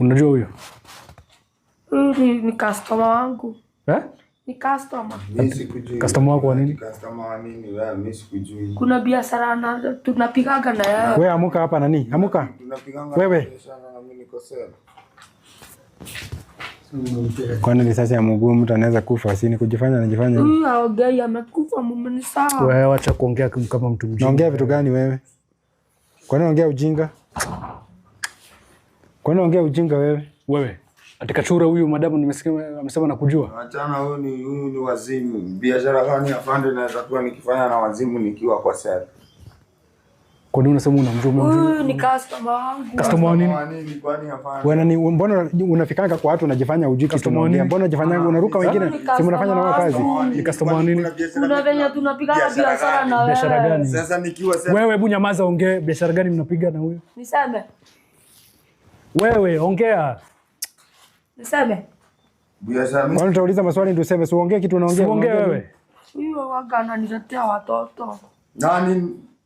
Unajua huyo ni, ni customer wangu eh? Ni customer. Customer wako wa nini? Customer wa nini wewe? Mimi sikujui. Kuna biashara na tunapigaga na yeye. Wewe amuka hapa nani? Amuka. Tunapigaga. Wewe. Kwa nini sasa ya mguu mtu anaweza kufa sini kujifanya anajifanya. Huyu haogei amekufa mume ni sawa. Wewe acha kuongea kama mtu mjinga. Naongea vitu gani wewe? Kwa nini unaongea ujinga? Kwa nini ongea ujinga wewe? Wewe. Atakachura huyu madamu nimesikia amesema na kujua. Achana huyu ni huyu ni wazimu. Biashara gani afande naweza kuwa nikifanya na wazimu nikiwa kwa sasa. Kwa nini unasema unamjua? Huyu ni customer wangu. Customer wa nini? Kwani afande. Wewe nani? mbona unafikanga kwa watu unajifanya hujui tunaongea? Mbona unajifanya unaruka wengine? Si mnafanya na wao kazi. Ni customer wa nini? Kuna venye tunapiga biashara na wewe. Biashara gani? Sasa nikiwa sasa. Wewe hebu nyamaza ongee, biashara gani mnapiga na huyu? Niseme. Wewe ongea. Niseme. Kwani Nitauliza maswali ndio useme, siongee kitu unaongea. Siongee wewe. Huyo waga ananiletea watoto. Nani